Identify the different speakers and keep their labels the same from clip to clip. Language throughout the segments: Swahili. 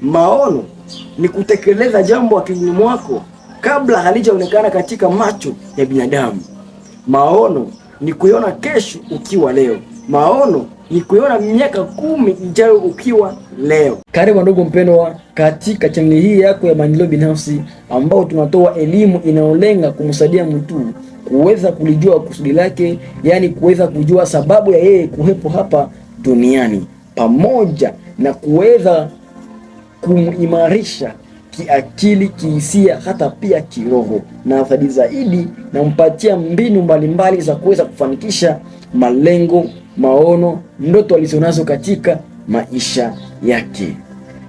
Speaker 1: Maono ni kutekeleza jambo akilini mwako kabla halijaonekana katika macho ya binadamu. Maono ni kuiona kesho ukiwa leo. Maono ni kuiona miaka kumi ijayo ukiwa leo.
Speaker 2: Karibu ndugu mpendwa, katika chaneli hii yako ya maendeleo binafsi, ambao tunatoa elimu inayolenga kumsaidia mtu kuweza kulijua kusudi lake, yaani kuweza kujua sababu ya yeye kuwepo hapa duniani pamoja na kuweza kumimarisha kiakili, kihisia, hata pia kiroho, na afadhali zaidi nampatia mbinu mbalimbali za kuweza kufanikisha malengo, maono, ndoto alizonazo katika maisha yake.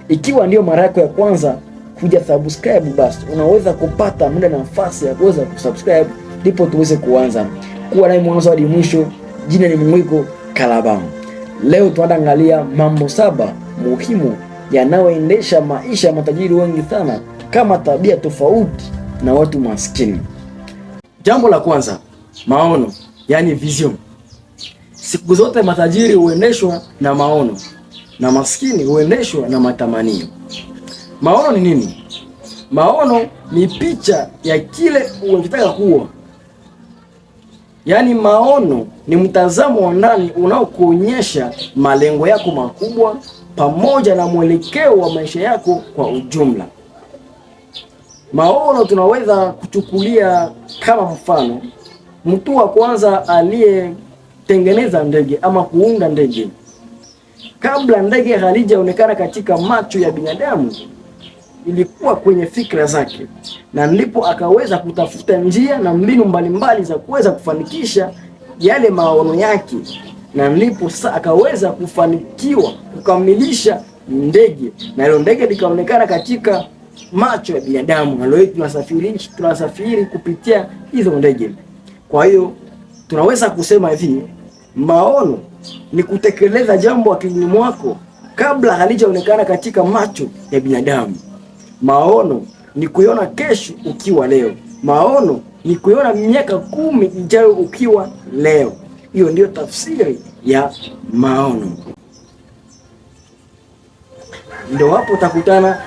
Speaker 2: Ikiwa ndiyo mara yako ya kwanza kuja subscribe, basi unaweza kupata muda na nafasi ya kuweza kusubscribe, ndipo tuweze kuanza kuwa naye mwanzo hadi mwisho. Jina ni Mwiko Kalabamu. Leo tunaangalia mambo saba muhimu yanayoendesha maisha ya matajiri wengi sana kama tabia tofauti na watu maskini. Jambo la kwanza, maono, yani vision. Siku zote matajiri huendeshwa na maono na maskini huendeshwa na matamanio. Maono ni nini? Maono ni picha ya kile unataka kuwa Yaani maono ni mtazamo wa ndani unaokuonyesha malengo yako makubwa pamoja na mwelekeo wa maisha yako kwa ujumla. Maono tunaweza kuchukulia kama mfano, mtu wa kwanza aliyetengeneza ndege ama kuunda ndege, kabla ndege halijaonekana katika macho ya binadamu, ilikuwa kwenye fikra zake, na ndipo akaweza kutafuta njia na mbinu mbalimbali za kuweza kufanikisha yale maono yake, na ndipo sasa akaweza kufanikiwa kukamilisha ndege, na ile ndege likaonekana katika macho ya binadamu, na leo tunasafiri tunasafiri kupitia hizo ndege. Kwa hiyo tunaweza kusema hivi, maono ni kutekeleza jambo akilini mwako kabla halijaonekana katika macho ya binadamu. Maono ni kuiona kesho ukiwa leo. Maono ni kuiona miaka kumi ijayo ukiwa leo. Hiyo ndiyo tafsiri ya maono. Ndio hapo utakutana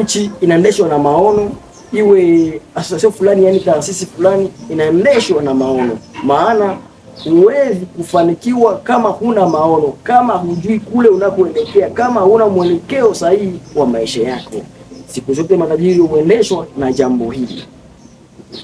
Speaker 2: nchi inaendeshwa na maono, iwe asosio fulani, yaani taasisi fulani inaendeshwa na maono. Maana huwezi kufanikiwa kama huna maono, kama hujui kule unakoelekea, kama huna mwelekeo sahihi wa maisha yako. Siku zote matajiri huendeshwa na jambo hili,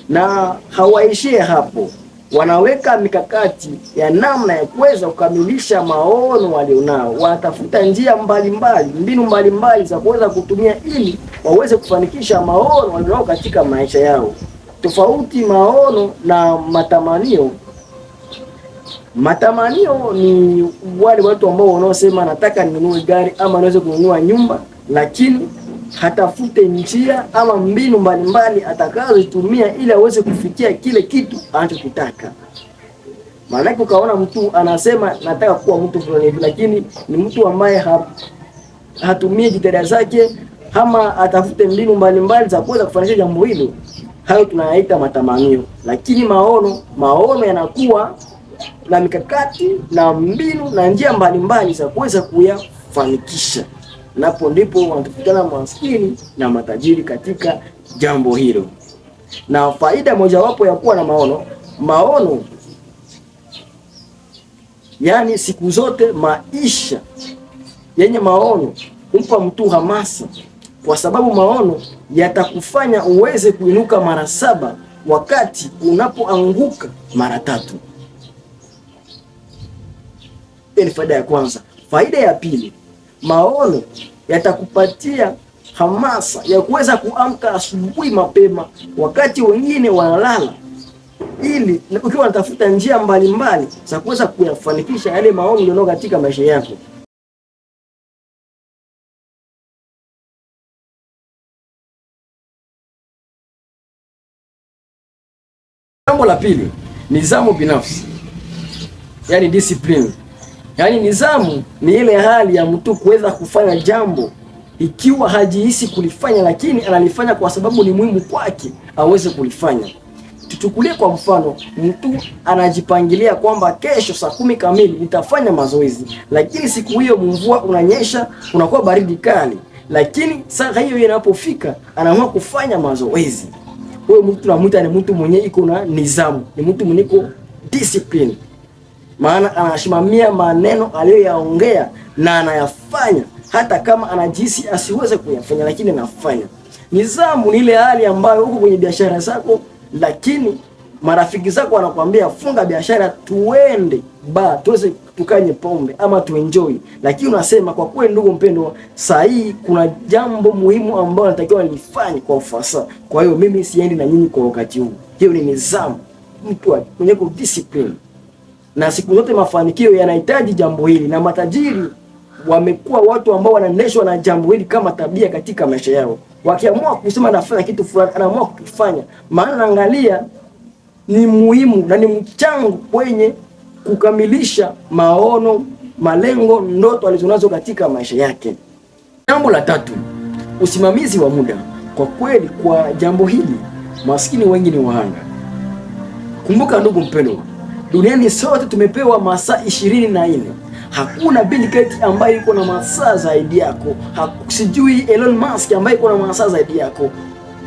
Speaker 2: na hawaishie hapo, wanaweka mikakati ya namna ya kuweza kukamilisha maono walionao. watafuta njia mbalimbali, mbinu mbalimbali za kuweza kutumia ili waweze kufanikisha maono walionao katika maisha yao. Tofauti maono na matamanio Matamanio ni wale watu ambao wanaosema nataka ninunue gari ama niweze kununua nyumba, lakini hatafute njia ama mbinu mbalimbali atakazotumia ili aweze kufikia kile kitu anachokitaka. Maanake ukaona mtu anasema nataka kuwa mtu fulani hivi, lakini ni mtu ambaye ha, hatumie jitihada zake ama atafute mbinu mbalimbali za kuweza kufanikisha jambo hilo. Hayo tunayaita matamanio. Lakini maono, maono yanakuwa na mikakati na mbinu na njia mbalimbali za kuweza kuyafanikisha napo ndipo wanatukutana maskini na matajiri katika jambo hilo. Na faida mojawapo ya kuwa na maono, maono yaani siku zote maisha yenye maono humpa mtu hamasa, kwa sababu maono yatakufanya uweze kuinuka mara saba wakati unapoanguka mara tatu. Hiyo ni faida ya kwanza. Faida ya pili maono yatakupatia hamasa ya kuweza kuamka asubuhi mapema, wakati wengine wanalala, ili ukiwa unatafuta njia mbalimbali za kuweza kuyafanikisha yale maono ulionao katika maisha yako. Jambo la pili, nidhamu binafsi, yaani discipline. Yaani nidhamu ni ile hali ya mtu kuweza kufanya jambo ikiwa hajihisi kulifanya, lakini analifanya kwa sababu ni muhimu kwake aweze kulifanya. Tuchukulie kwa mfano, mtu anajipangilia kwamba kesho saa kumi kamili nitafanya mazoezi, lakini siku hiyo mvua unanyesha, unakuwa baridi kali, lakini saa hiyo inapofika anaamua kufanya mazoezi. Huyo mtu tunamwita ni mtu mwenye iko na nidhamu, ni mtu mwenye iko discipline maana anasimamia maneno aliyoyaongea na anayafanya, hata kama anajisi asiweze kuyafanya, lakini anafanya. Nidhamu ni ile hali ambayo uko kwenye biashara zako, lakini marafiki zako wanakuambia funga biashara, tuende ba tuweze tukanye pombe ama tuenjoy, lakini unasema kwa kweli, ndugu mpendwa, saa hii kuna jambo muhimu ambalo natakiwa nilifanye kwa ufasaha, kwa hiyo mimi siendi na nyinyi kwa wakati huu. Hiyo ni nidhamu, mtu mwenye discipline na siku zote mafanikio yanahitaji jambo hili, na matajiri wamekuwa watu ambao wanaendeshwa na jambo hili kama tabia katika maisha yao. Wakiamua kusema nafanya kitu fulani, anaamua kukifanya, maana angalia, ni muhimu na ni mchango kwenye kukamilisha maono, malengo, ndoto alizonazo katika maisha yake. Jambo la tatu, usimamizi wa muda. Kwa kweli, kwa jambo hili maskini wengi ni wahanga. Kumbuka ndugu mpendwa Duniani sote tumepewa masaa ishirini na nne. Hakuna Bill Gates ambaye yuko na masaa zaidi yako, sijui Elon Musk ambaye yuko na masaa zaidi yako.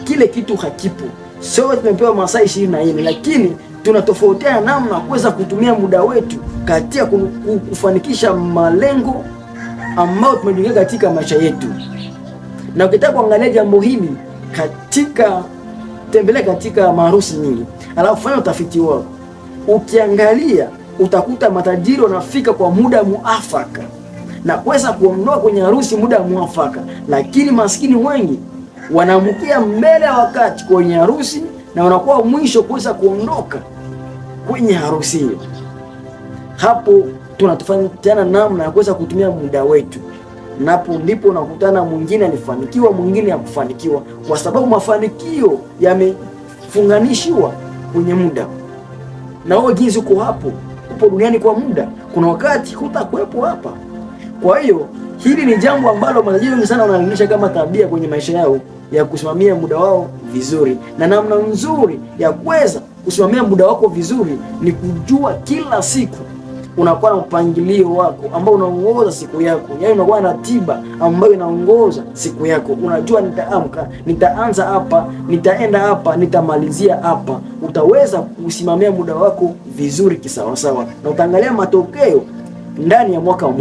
Speaker 2: Kile kitu hakipo. Sote tumepewa masaa ishirini na nne, lakini tunatofautiana namna kuweza kutumia muda wetu katika kufanikisha malengo ambayo tumejiwekea katika maisha yetu. Na ukitaka kuangalia jambo hili katika tembelea katika maharusi nyingi, alafu fanya utafiti wako ukiangalia utakuta matajiri wanafika kwa muda muafaka na kuweza kuondoa kwenye harusi muda muafaka, lakini maskini wengi wanaamkia mbele ya wakati kwenye harusi na wanakuwa mwisho kuweza kuondoka kwenye harusi hiyo. Hapo tunatofautiana namna ya kuweza kutumia muda wetu, napo ndipo unakutana mwingine alifanikiwa, mwingine hakufanikiwa, kwa sababu mafanikio yamefunganishiwa kwenye muda na wewe jinsi uko hapo, upo duniani kwa muda, kuna wakati hutakuwepo hapa. Kwa hiyo hili ni jambo ambalo matajiri wengi sana wanalinisha kama tabia kwenye maisha yao ya kusimamia muda wao vizuri, na namna nzuri ya kuweza kusimamia muda wako vizuri ni kujua kila siku unakuwa na mpangilio wako ambao unaongoza siku yako, yaani unakuwa na ratiba ambayo inaongoza siku yako. Unajua nitaamka, nitaanza hapa, nitaenda hapa, nitamalizia hapa. Utaweza kusimamia muda wako vizuri kisawasawa, na utaangalia matokeo ndani ya mwaka mmoja.